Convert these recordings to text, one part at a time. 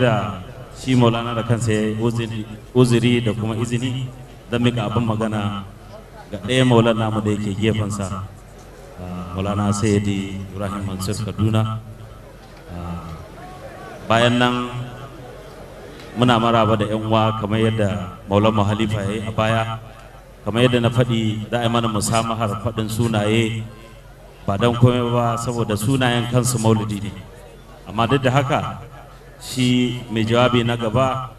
da shi maulana da kansa ya uziri da kuma izini don mika abin magana ga ɗaya Maulana namu da yake gefensa ah, maulana sayyidi Rahim mansur kaduna ah, bayan nan muna maraba da yan uwa kamar yadda maulan halifa ya yi a baya kamar yadda na faɗi za a yi mana musamahar faɗin sunaye ba don komai ba saboda sunayen kansu maulidi ne amma duk da haka shi mai jawabi na gaba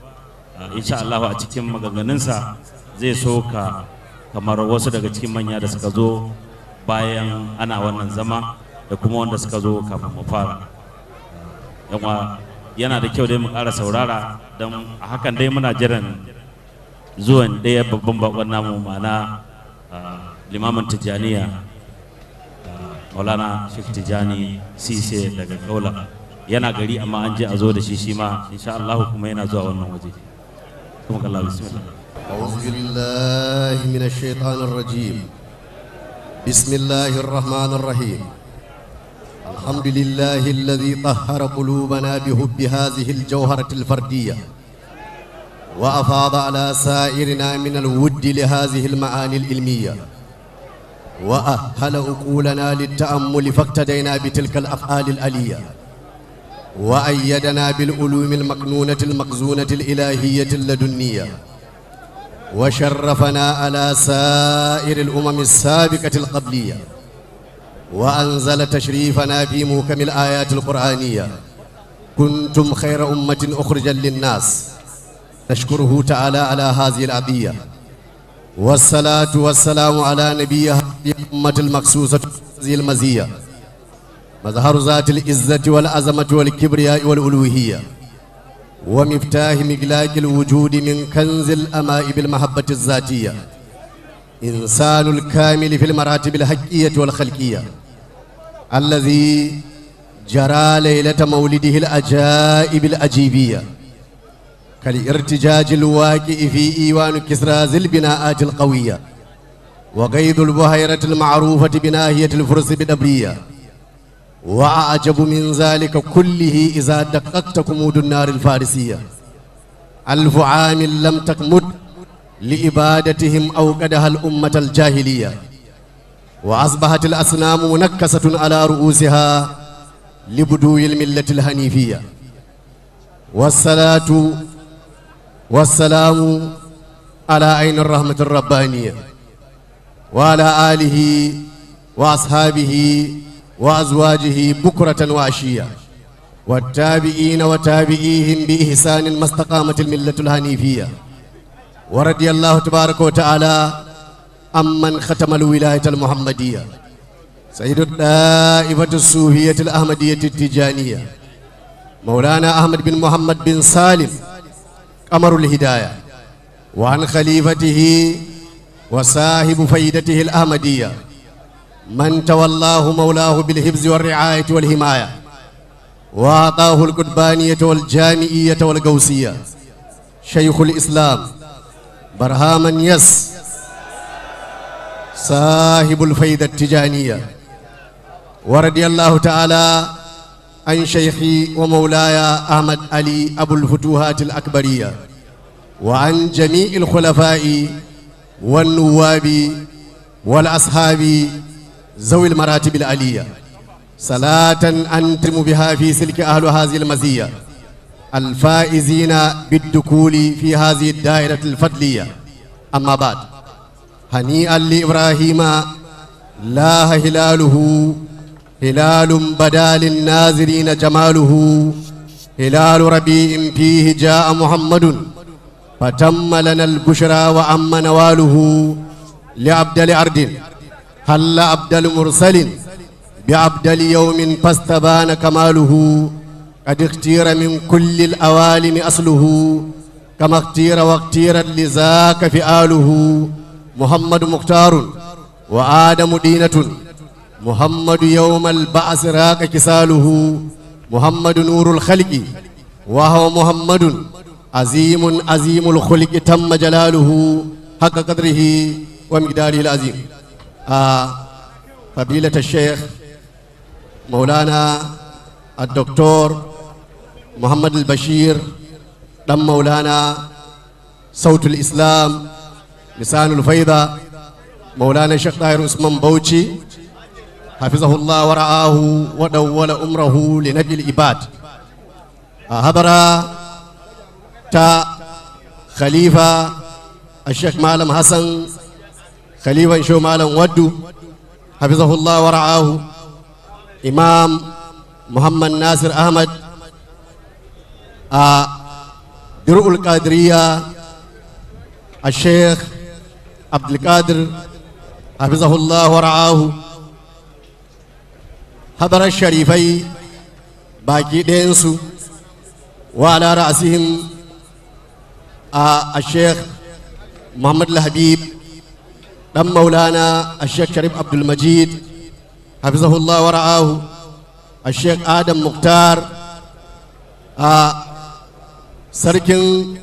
uh, insha Allah a cikin maganganunsa zai so ka kamar wasu daga cikin manya da suka zo bayan ana wannan zama da kuma wanda suka zo kafin mu fara uh, yana da kyau dai mu ƙara saurara don a hakan dai muna jiran zuwan ɗaya babban bakon namu ma'ana uh, limamin tijjaniya maulana shek tijjani sise daga kaula yana gari amma an je a zo da shi shi ma insha Allah kuma yana zuwa wannan waje kuma Allah bismillah a'udhu billahi minash shaitanir rajim bismillahir rahmanir rahim alhamdulillahi alladhi tahhara qulubana bi hubbi hadhihi هذه الجوهرة وأفاض على سائرنا من الود لهذه المعاني العلمية وأهل أقولنا للتأمل فاقتدينا بتلك الأفعال الألية وأيدنا بالعلوم المكنونة المقزونة الإلهية اللدنية وشرفنا على سائر الأمم السابقة القبلية وأنزل تشريفنا في موكم الآيات القرآنية كنتم خير أمة أخرجا للناس نشكره تعالى على هذه العطية والصلاة والسلام على نبيها أمة المقصوصة هذه المزية مظهر ذات العزة والعظمة والكبرياء والألوهية ومفتاح مقلاك الوجود من كنز الأماء بالمحبة الذاتية إنسان الكامل في المراتب الحقية والخلقية الذي جرى ليلة مولده الأجائب الأجيبية كالارتجاج الواقع في إيوان كسرى ذي البناءات القوية وقيد البهيرة المعروفة بناهية الفرس بدبرية وأعجب من ذلك كله إذا دققت كمود النار الفارسية ألف عام لم تكمد لإبادتهم أوقدها الأمة الجاهلية وأصبحت الأصنام منكسة على رؤوسها لبدو الملة الحنيفية والصلاة والسلام على عين الرحمة الربانية وعلى آله وأصحابه وأزواجه بكرة وعشية والتابعين وتابعيهم بإحسان ما استقامت الملة الهنيفية ورضي الله تبارك وتعالى أمن ختم الولاية المحمدية سيد الدائبة الصوفية الأحمدية التجانية مولانا أحمد بن محمد بن سالم أمر الهداية وعن خليفته وصاحب فيدته الأحمدية من تولاه مولاه بالهبز والرعاية والهماية وأعطاه القدبانية والجامعية والقوسية شيخ الإسلام برهاما يس صاحب الفيدة التجانية ورضي الله تعالى عن شيخي ومولاي أحمد علي أبو الفتوحات الأكبرية وعن جميع الخلفاء والنواب والأصحاب ذوي المراتب العليا صلاة أنتم بها في سلك أهل هذه المزية الفائزين بالدخول في هذه الدائرة الفضلية أما بعد هنيئا لإبراهيم لا هلاله هلال بدا للناظرين جماله هلال ربيع فيه جاء محمد فتم لنا البشرى وأما نواله لعبد الأرض هل عبد المرسل بعبد يوم فاستبان كماله قد اختير من كل الأوالم أصله كما اختير واختير لذاك فعاله محمد مختار وآدم دينة محمد يوم البعث راك كساله محمد نور الخلق وهو محمد عظيم عظيم الخلق تم جلاله حق قدره ومقداره العظيم آه، فضيلة الشيخ مولانا الدكتور محمد البشير دم مولانا صوت الإسلام لسان الفيضة مولانا الشيخ طاهر عثمان بوشي حفظه الله ورعاه ودول أمره لنجل الإباد هبرا آه، تا خليفة الشيخ معلم حسن خليفة شو مالا ودو حفظه الله ورعاه إمام محمد ناصر أحمد آه درء القادرية الشيخ عبد القادر حفظه الله ورعاه حضر الشريفي باقي دينسو وعلى رأسهم الشيخ محمد الحبيب ɗan maulana a sheikh sharif abdulmajid hafizahullah wa ra'ahu a sheikh adam muktar a sarkin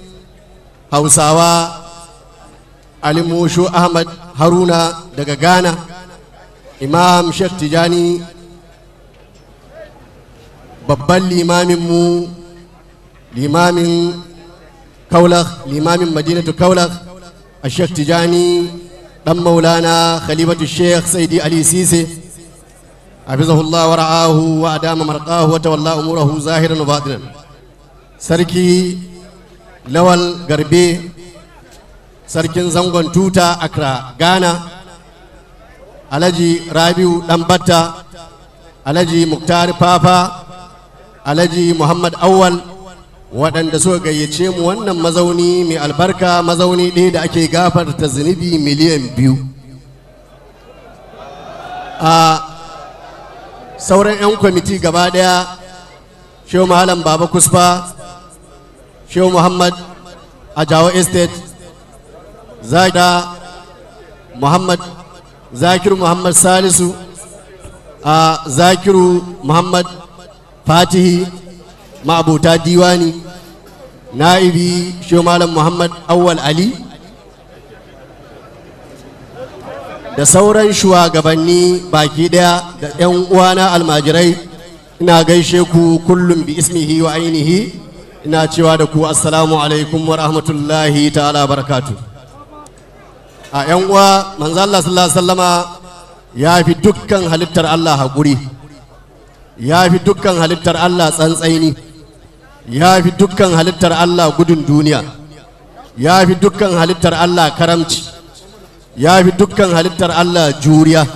hausawa Ali Mushu ahmad haruna daga ghana imam sheikh tijani babban limaminmu limamin kaulah limamin madinatu kaulah a sheikh tijani ɗan maulana khalifatu sheikh saidi ali sise wa ra'ahu wa adama marqahu wa tawalla umurahu zahiran wa batinan sarki lawal garbe sarkin zangon tuta accra ghana alhaji rabiu dan batta alhaji muktar fafa alhaji muhammad awwal waɗanda suka gayyace mu wannan mazauni mai albarka mazauni ɗaya da ake gafar ta zunubi miliyan biyu a sauran 'yan kwamiti gaba ɗaya shehu mahalan baba kusfa shehu muhammad a jawo estate zaida muhammad zakiru muhammad salisu a zakiru muhammad fatihi ma'abota diwani na'ibi Shomalan muhammad awwal ali da sauran shugabanni baki daya da 'yan uwana almajirai ina gaishe ku kullum bi ismihi wa ainihi ina cewa da ku assalamu alaikum wa rahmatullahi ta'ala barakatu a 'yan uwa manzo Allah sallallahu sallama ya fi dukkan halittar Allah haƙuri ya fi dukkan halittar Allah tsantsaini ya fi dukkan halittar Allah gudun duniya ya fi dukkan halittar Allah karamci ya fi dukkan halittar Allah juriya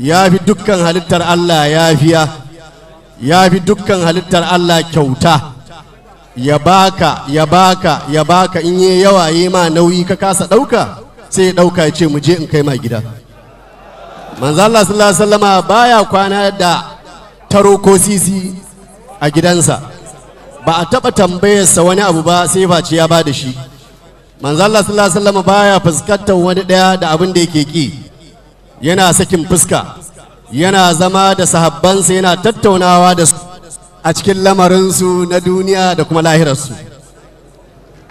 ya fi dukkan halittar Allah yafiya ya fi dukkan halittar Allah kyauta ya baka ya baka ya baka in yi yawa yi ma nauyi ka kasa ɗauka sai ya ɗauka ya ce mu je in kai ma gida manzala sallallahu alaihi wasallama baya kwana da taro ko sisi a gidansa ba a taɓa tambayarsa wani abu ba sai face ya ba da shi manzala sallallahu alaihi wasallam baya fuskantar wani daya da abin da yake ki yana sakin fuska yana zama da sahabbansa yana tattaunawa da su a cikin lamarinsu na duniya da kuma lahirarsu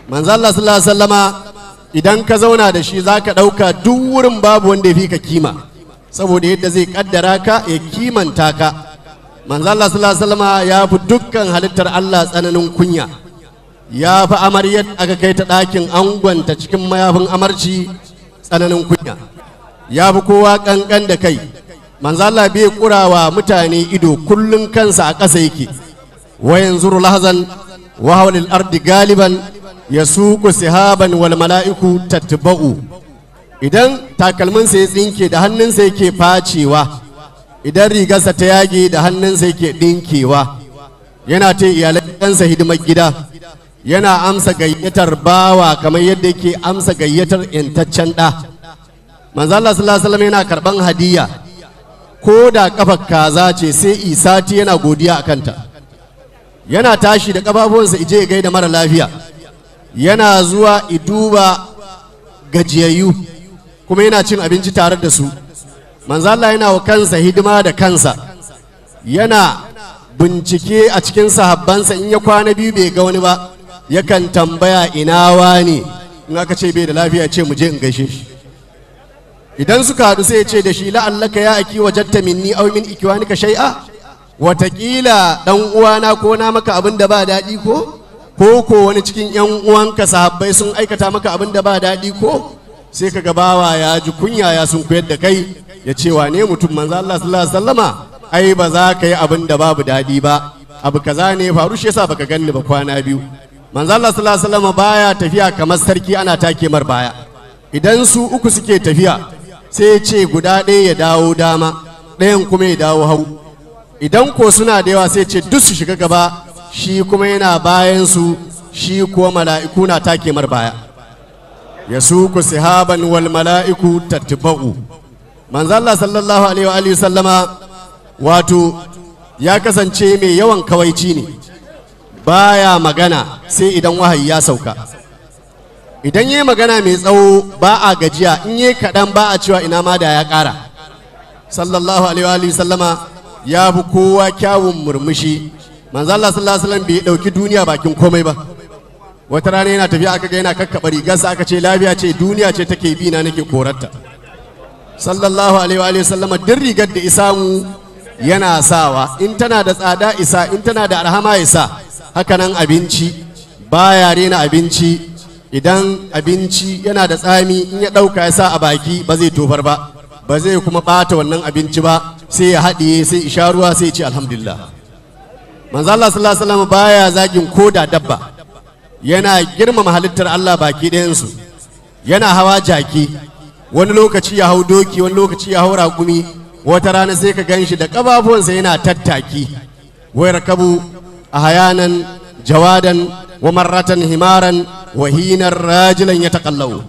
manzala sallallahu idan ka zauna da shi za ka ɗauka duk wurin babu wanda ya fi ka kima saboda yadda zai ƙaddara ka ya kimanta ka manzo Allah sallallahu alaihi wasallam ya fi dukkan halittar Allah tsananin kunya ya fi amaryar aka kai ta ɗakin angonta cikin mayafin amarci tsananin kunya ya fi kowa ƙanƙan da kai manzo Allah bai kurawa mutane ido kullun kansa a ƙasa yake wa yanzuru lahzan wa hawlil ardi galiban yasuqu sihaban wal mala'iku tatba'u idan takalminsa ya tsinke da hannunsa yake facewa idan rigarsa ta yage da hannunsa yake ɗinkewa yana ta iyalansa hidimar gida yana amsa gayyatar bawa kamar yadda yake amsa gayyatar intaccen ɗa manzo Allah sallallahu alaihi yana karban hadiya ko da kafar kaza ce sai isati yana godiya a kanta yana tashi da kafafuwansa ije ya gaida mara lafiya yana zuwa iduba gajiyayyu kuma yana cin abinci tare da su manzo Allah yana wa kansa hidima da kansa yana bincike a cikin sahabbansa in ya kwana biyu bai ga wani ba yakan tambaya ina wani in aka ce bai da lafiya ce mu je in gaishe shi idan suka haɗu sai ce da shi la'allaka ya aki wajatta minni aw min ikwanika shay'a watakila dan uwana ko na maka abin da ba daɗi ko ko ko wani cikin yan uwanka sahabbai sun aikata maka abin da ba daɗi ko sai ka gabawa ya ji kunya ya sun koyar da kai ya ce ne mutum manzo Allah sallallahu alaihi wasallama ai ba za ka yi abin da babu dadi ba abu kaza ne faru shi yasa baka ganni ba kwana biyu manzo Allah sallallahu alaihi wasallama baya tafiya kamar sarki ana take mar baya idan su uku suke tafiya sai ya ce guda ɗaya ya dawo dama ɗayan kuma ya dawo hau idan ko suna da yawa sai ce duk su shiga gaba shi kuma yana bayan su shi kuwa mala'iku na take mar baya yasuku sihaban wal mala'iku tatba'u manzo sallallahu alaihi wa alihi sallama wato ya kasance mai yawan kawaici ne baya magana sai idan wahayi ya sauka idan yayi magana mai tsawo ba a gajiya in yayi kaɗan ba a cewa ina ma da ya ƙara sallallahu alaihi wa alihi sallama ya fi kowa kyawun murmushi manzo Allah sallallahu alaihi wasallam bai dauki duniya bakin komai ba wata rana yana tafiya aka ga yana kakkaba rigarsa aka ce lafiya ce duniya ce take bi na nake korarta sallallahu alaihi wa sallama duk rigar da isamu yana sawa in tana da tsada isa in tana da arhama isa hakanan abinci ba ya rena abinci idan abinci yana da tsami in ya ɗauka ya sa a baki ba zai tofar ba ba zai kuma bata wannan abinci ba sai ya haɗiye sai isha ruwa sai ce alhamdulillah manzo Allah sallallahu alaihi wasallam baya zagin koda dabba yana girmama halittar Allah baki ɗayansu yana hawa jaki wani lokaci ya hau doki wani lokaci ya hau ragumi wata rana sai ka ganshi da ƙafafuwansa yana tattaki wai rakabu a hayanan jawadan wa marratan himaran wa hinar rajilan ya taƙallau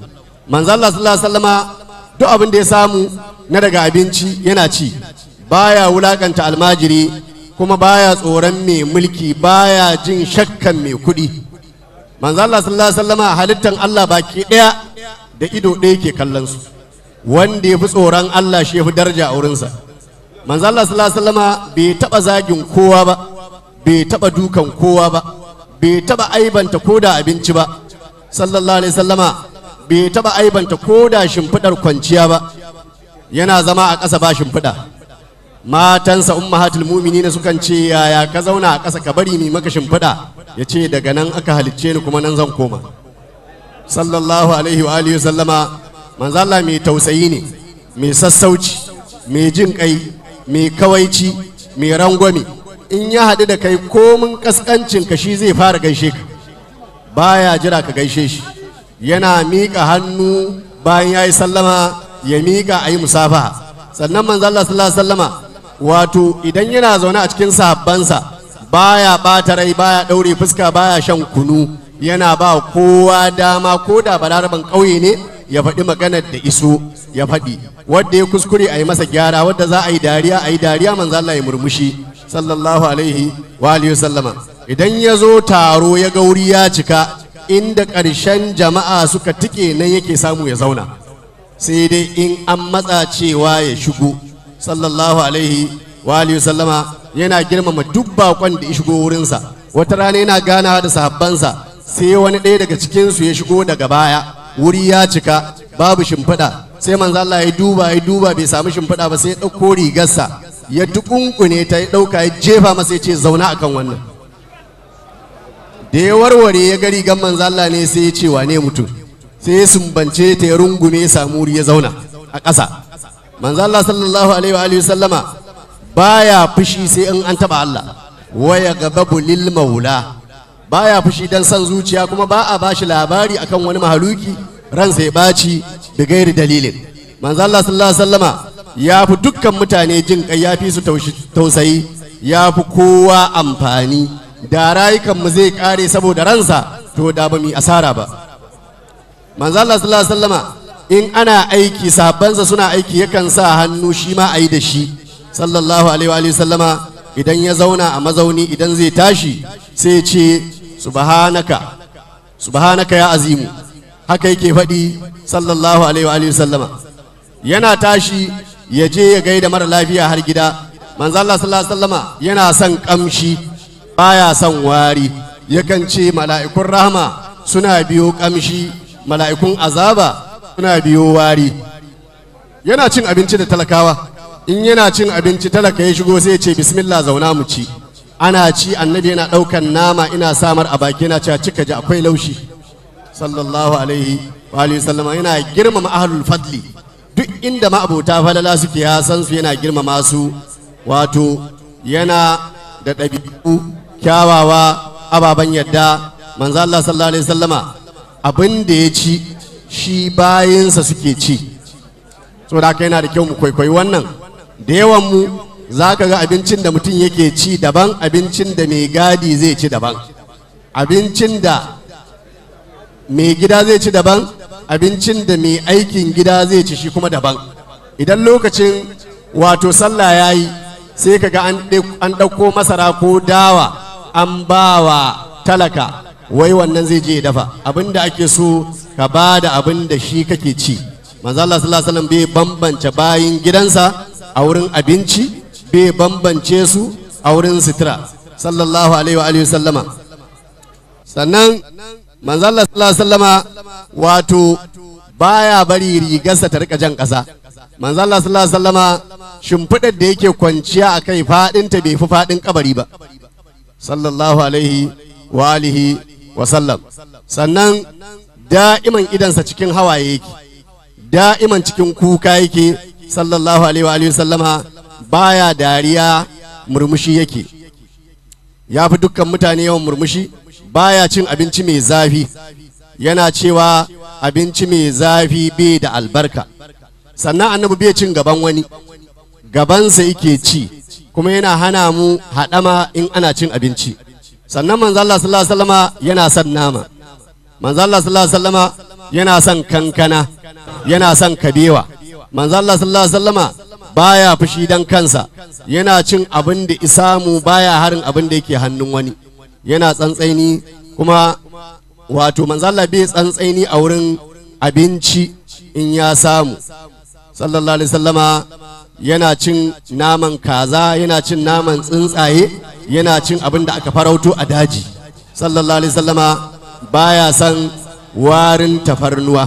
manzalla sallallahu sallama duk abin da ya samu na daga abinci yana ci baya wulakanta almajiri kuma baya tsoron mai mulki baya jin shakkan mai kuɗi Allah sallallahu wasallama halittan Allah baki ɗaya da ido ɗaya ke kallon su wanda ya fi tsoron Allah shi ya fi daraja a wurinsa manzo Allah sallallahu alaihi wasallam bai taba zagin kowa ba bai taba dukan kowa ba bai taba aibanta koda abinci ba sallallahu alaihi wasallam bai taba aibanta koda shimfidar kwanciya ba yana zama a ƙasa ba shimfida matansa ummahatul mu'minina sukan ce yaya ka zauna a ƙasa ka bari mi maka shimfida yace daga nan aka halicce ni kuma nan zan koma sallallahu alaihi wa alihi wasallama manzo Allah mai tausayi ne mai sassauci mai jin kai mai kawaici mai rangwami in ya haɗu da kai komin kaskancin ka shi zai fara gaishe ka baya jira ka gaishe shi yana miƙa hannu bayan ya yi sallama ya miƙa a yi musafa sannan manzo Allah sallallahu alaihi wasallama wato idan yana zaune a cikin sahabbansa baya bata rai baya ɗaure fuska baya shan kunu yana ba kowa dama ko da balaraban ƙauye ne ya faɗi maganar da iso ya faɗi wadda ya kuskure a yi masa gyara wadda za a yi dariya a yi dariya manzo Allah ya murmushi sallallahu alaihi wa alihi sallama idan ya zo taro ya ga wuri ya cika inda ƙarshen jama'a suka tike nan yake samu ya zauna sai dai in an matsa cewa ya shigo sallallahu alaihi wa alihi sallama yana girmama duk bakon da ya shigo wurinsa wata rana yana ganawa da sahabbansa sai wani ɗaya daga cikinsu ya shigo daga baya wuri ya cika babu shimfiɗa sai manzo Allah ya duba ya duba bai samu shimfiɗa ba sai ya ɗauko rigarsa ya tukunkune ta ya ɗauka ya jefa masa ya ce zauna akan wannan da ya warware ya ga rigar manzo Allah ne sai ya ce wane mutum sai ya sumbance ta ya rungume ya samu wuri ya zauna a ƙasa manzo Allah sallallahu alaihi wa alihi sallama baya fushi sai in an taba Allah waya gababu lil maula baya fushi dan san zuciya kuma ba a bashi labari akan wani mahaluki ran sai baci da gairi dalilin manzo Allah sallallahu alaihi wasallama ya fi dukkan mutane jin kai ya fi su tausayi ya fi kowa amfani da rayukan mu zai kare saboda ransa to da ba mu asara ba manzo Allah sallallahu alaihi wasallama in ana aiki sabansa suna aiki yakan sa hannu shi ma ayi da shi sallallahu alaihi wa sallama idan ya zauna a mazauni idan zai tashi sai ce subhanaka subhanaka ya azimu haka yake faɗi sallallahu alaihi wa sallama yana tashi ya je ya gaida mara lafiya har gida manzo Allah sallallahu alaihi sallama yana son kamshi baya son wari yakan ce mala'ikun rahama suna biyo kamshi mala'ikun azaba suna biyo wari yana cin abinci da talakawa in yana cin abinci talaka ya shigo sai ya ce bismillah zauna mu ci ana ci annabi yana ɗaukan nama ina samar a baki yana cewa cika ji akwai laushi sallallahu alaihi wa alihi sallama yana girmama ahlul fadli duk inda ma'abota falala suke ya san su yana girmama su wato yana da ɗabi'u kyawawa ababen yadda manzo Allah sallallahu alaihi sallama abin da ya ci shi bayinsa suke ci saboda haka yana da kyau mu kwaikwayi wannan da yawan mu za ka ga abincin da mutum yake ci daban abincin da mai gadi zai ci daban abincin da mai gida zai ci daban abincin da mai aikin gida zai ci shi kuma daban idan lokacin wato sallah ya yi sai ka ga an ɗauko masara ko dawa an bawa talaka wai wannan zai je dafa abin da ake so ka ba da abin da shi kake ci manzo Allah sallallahu alaihi wasallam bai bambance bayin gidansa a wurin abinci bai bambance su a wurin sitira sallallahu alaihi wa alihi sallama sannan Allah sallallahu sallama wato baya bari rigarsa ta rika jan manzo Allah sallallahu sallama shimfiɗar da yake kwanciya a kai faɗinta bai fi faɗin kabari ba sallallahu alaihi wa alihi wa sallam sannan da'iman idansa cikin hawaye yake da'iman cikin kuka yake sallallahu alaihi wa alihi wa sallama baya dariya murmushi yake ya fi dukkan mutane yawan murmushi baya cin abinci mai zafi yana cewa abinci mai zafi bai da albarka sannan annabi bai cin gaban wani gabansa yake ci kuma yana hana mu haɗama in ana cin abinci sannan manzala sallallahu alaihi yana son nama manzala sallallahu alaihi yana son kankana yana son kabewa manzala sallallahu alaihi baya fushi dan kansa yana cin abin da isamu baya harin abin da yake hannun wani yana tsantsaini kuma wato manzala bai tsantsaini a wurin abinci in ya samu sallallahu alaihi sallama yana cin naman kaza yana cin naman tsuntsaye yana cin abin da aka farauto a daji sallallahu alaihi sallama baya san warin tafarnuwa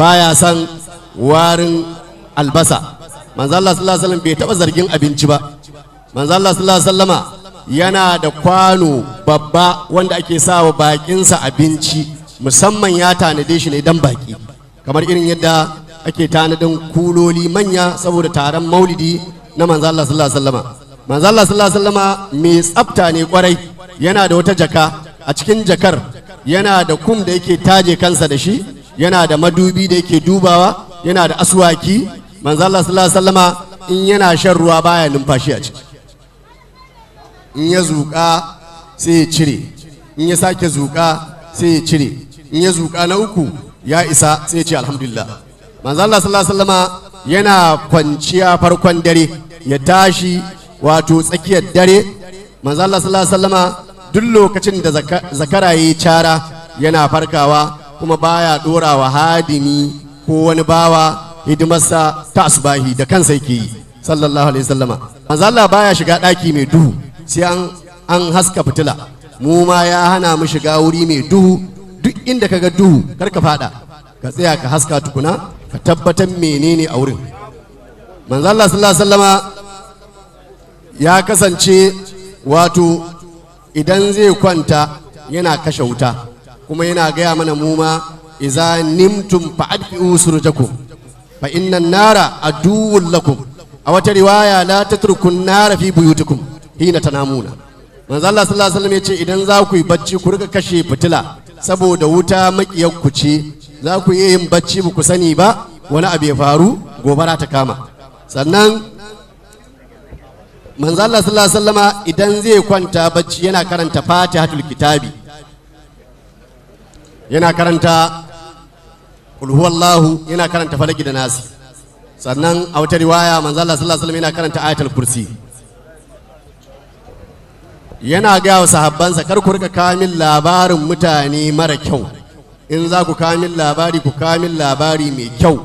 baya san warin albasa manzo Allah sallallahu alaihi wasallam bai taba zargin abinci ba manzo Allah sallallahu alaihi wasallama yana da kwano babba wanda ake sawa bakinsa abinci musamman ya tanade shi ne dan baki kamar irin yadda ake tanadin kuloli manya saboda taron maulidi na manzo Allah sallallahu alaihi wasallama manzo Allah sallallahu alaihi wasallama mai tsafta ne kwarai yana da wata jaka a cikin jakar yana da kum da yake taje kansa da shi yana da madubi da yake dubawa yana da aswaki manzo Allah sallallahu alaihi wasallama in yana shan ruwa baya numfashi a ciki in ya zuka sai ya cire in ya sake zuƙa sai ya cire in ya zuka na uku ya isa sai ya ce alhamdulillah manzo Allah sallallahu alaihi wasallama yana kwanciya farkon dare ya tashi wato tsakiyar dare manzo Allah sallallahu alaihi wasallama duk lokacin da zakara yayi cara yana farkawa kuma baya dorawa hadimi ko wani bawa hidimarsa ta asbahi da kansa yake yi sallallahu alaihi wasallama manzo Allah baya shiga daki mai duhu sai an an haska fitila mu ma ya hana mu shiga wuri mai duhu duk inda kaga duhu kar ka fada ka tsaya ka haska tukuna ka tabbatar menene a wurin manzo Allah sallallahu alaihi wasallama ya kasance wato idan zai kwanta yana kashe wuta kuma yana gaya mana mu ma iza nimtum fa'adfi'u surjakum fa inna nara aduwwul lakum a wata riwaya la tatrukun nara fi buyutikum hina tanamuna manzo Allah sallallahu alaihi wasallam yace idan za ku yi bacci ku rika kashe fitila saboda wuta makiyar ku ce za ku yi yin bacci ba ku sani ba wani abu ya faru gobara ta kama sannan manzo Allah sallallahu alaihi wasallam idan zai kwanta bacci yana karanta Fatihatul Kitabi yana karanta Ulhuwallahu yana karanta falaki da nasi sannan a wata riwaya manzo Allah sallallahu alaihi yana karanta ayatul kursi yana ga wa sahabbansa kar ku rika kamin labarin mutane mara kyau in za ku kamin labari ku kamin labari mai kyau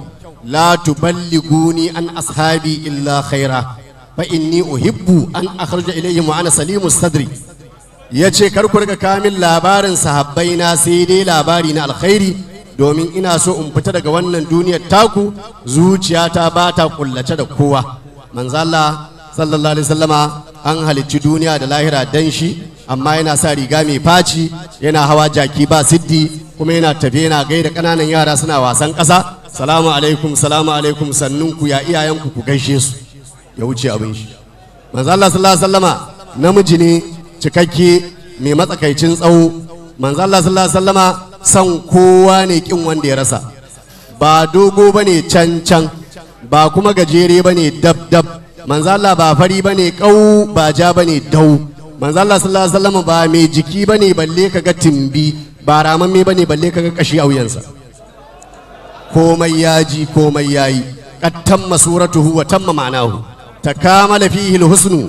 la tuballiguni an ashabi illa khaira fa inni uhibbu an akhruja ilayhim wa ana salimus sadri yace kar ku rika kamin labarin sahabbaina sai dai labari na alkhairi domin ina so in fita daga wannan duniyar taku zuciyata ba ta kullace da kowa manzala Allah sallallahu alaihi sallama an halicci duniya da lahira dan shi amma yana sa riga mai faci yana hawa jaki ba siddi kuma yana tafe yana da kananan yara suna wasan ƙasa salamu alaikum salamu alaikum sannun ku ya iyayenku ku gaishe su ya wuce abin shi manzala Allah sallallahu alaihi namiji ne cikakke mai matsakaicin tsawo manzala Allah sallallahu alaihi san kowa ne kin wanda ya rasa ba dogo bane can can ba kuma gajere bane dab dab manzo Allah ba fari bane kau ba ja bane dau manzo Allah sallallahu alaihi wasallam ba mai jiki bane balle kaga timbi ba ba bane balle kaga kashi a wuyansa komai ya ji komai yayi yi tamma suratuhu wa tamma ma'nahu takamala fihi alhusnu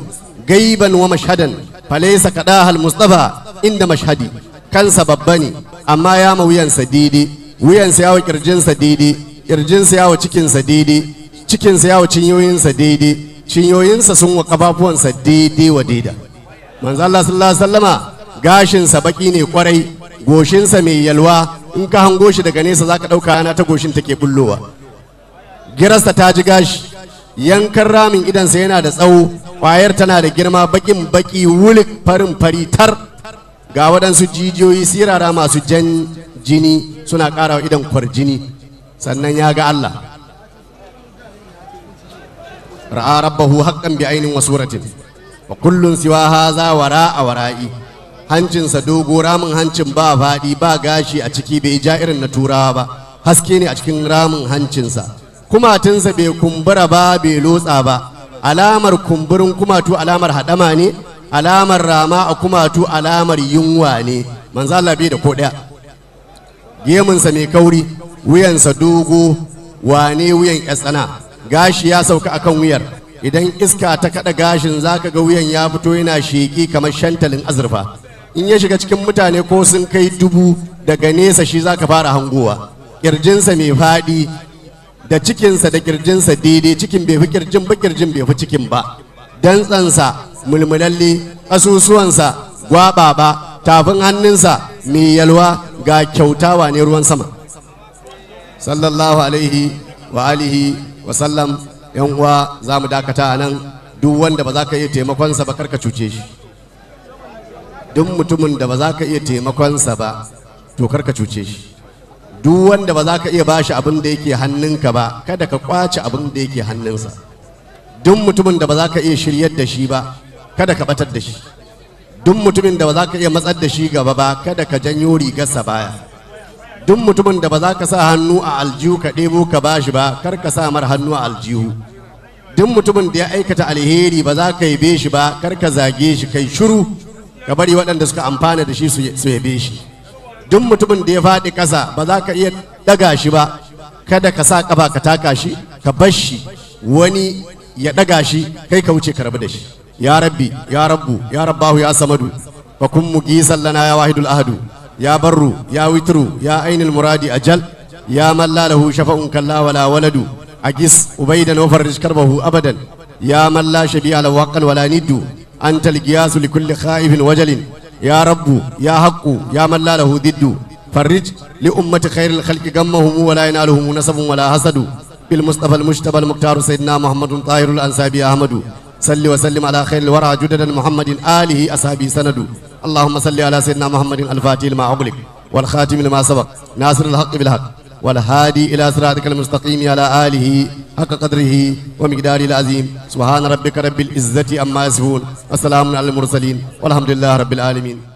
gaiban wa mashhadan falaysa qadaha mustafa inda mashhadi kansa babba ne amma ya ma wuyansa daidai wuyansa yawo kirjinsa daidai kirjinsa yawo cikinsa daidai cikinsa yawo cinyoyinsa daidai cinyoyinsa sun wa kafafuwansa daidai wa dida manzo Allah sallallahu alaihi wasallama gashinsa baki ne kwarai goshinsa mai yalwa in ka hango shi daga nesa zaka dauka yana ta goshin take bullowa girarsa ta ji gashi yankan ramin idansa yana da tsawo kwayar tana da girma bakin baki wulik farin fari tar ga waɗansu jijiyoyi sirara masu jan jini suna ƙara wa idan kwarjini sannan ya ga Allah ra'a rabbahu haqqan bi ainin wa suratin wa kullun siwa haza a wara'i hancinsa dogo ramin hancin ba faɗi ba gashi a ciki bai ja irin na turawa ba haske ne a cikin ramin hancinsa kumatunsa bai kumbura ba bai lotsa ba alamar kumburin kumatu alamar haɗama ne alamar rama a kumatu alamar yunwa ne manzo Allah da ko gemunsa mai kauri wuyansa dogo wane wuyan yatsana gashi ya sauka akan wuyar idan iska ta kada gashin zaka ga wuyan ya fito yana sheki kamar shantalin azurfa in ya shiga cikin mutane ko sun kai dubu daga nesa shi zaka fara hangowa kirjinsa mai faɗi da cikinsa da kirjinsa daidai cikin bai fi kirjin ba kirjin bai fi cikin ba dantsansa mulmulalli asusuwansa gwaɓaɓa tafin hannunsa mai yalwa ga kyautawa ne ruwan sama sallallahu alaihi wa alihi wa sallam yan uwa za mu dakata a nan duk wanda ba za ka iya taimakonsa ba karka cuce shi duk mutumin da ba za ka iya taimakonsa ba to karka cuce shi duk wanda ba za ka iya bashi abin da yake hannunka ba kada ka kwace abin da yake hannunsa duk mutumin da ba za ka iya shiryar da shi ba kada ka batar da shi duk mutumin da ba za ka iya matsar da shi gaba ba kada ka janyo rigarsa baya duk mutumin da ba za ka sa hannu a aljihu ka ɗebo ka shi ba kar ka sa mar hannu a aljihu duk mutumin da ya aikata alheri ba za ka yabe shi ba kar ka zage shi kai shiru ka bari waɗanda suka amfana da shi su yabe shi duk mutumin da ya faɗi ƙasa ba za ka iya ɗaga shi ba kada ka sa ƙafa ka taka shi ka bar shi wani ya ɗaga shi kai ka wuce ka rabu da shi يا ربي يا ربو يا رباه يا سمدو وكم مجيسا لنا يا واحد الأهد يا برو يا وترو يا أين المراد أجل يا من لا له شفاء كلا ولا ولد أجس أبيدا وفرج كربه أبدا يا من لا شبيع له ولا ند أنت القياس لكل خائف وجل يا رب يا حق يا من لا له ضد فرج لأمة خير الخلق قمهم ولا ينالهم نسب ولا حسد بالمصطفى المجتبى المختار سيدنا محمد طاهر الأنسابي أحمد صلي وسلم على خير الورى جددا محمد آله أصحابي سند اللهم صل على سيدنا محمد الفاتح لما أغلق والخاتم لما سبق ناصر الحق بالحق والهادي إلى صراطك المستقيم على آله حق قدره ومقداره العظيم سبحان ربك رب العزة أما يصفون وسلام على المرسلين والحمد لله رب العالمين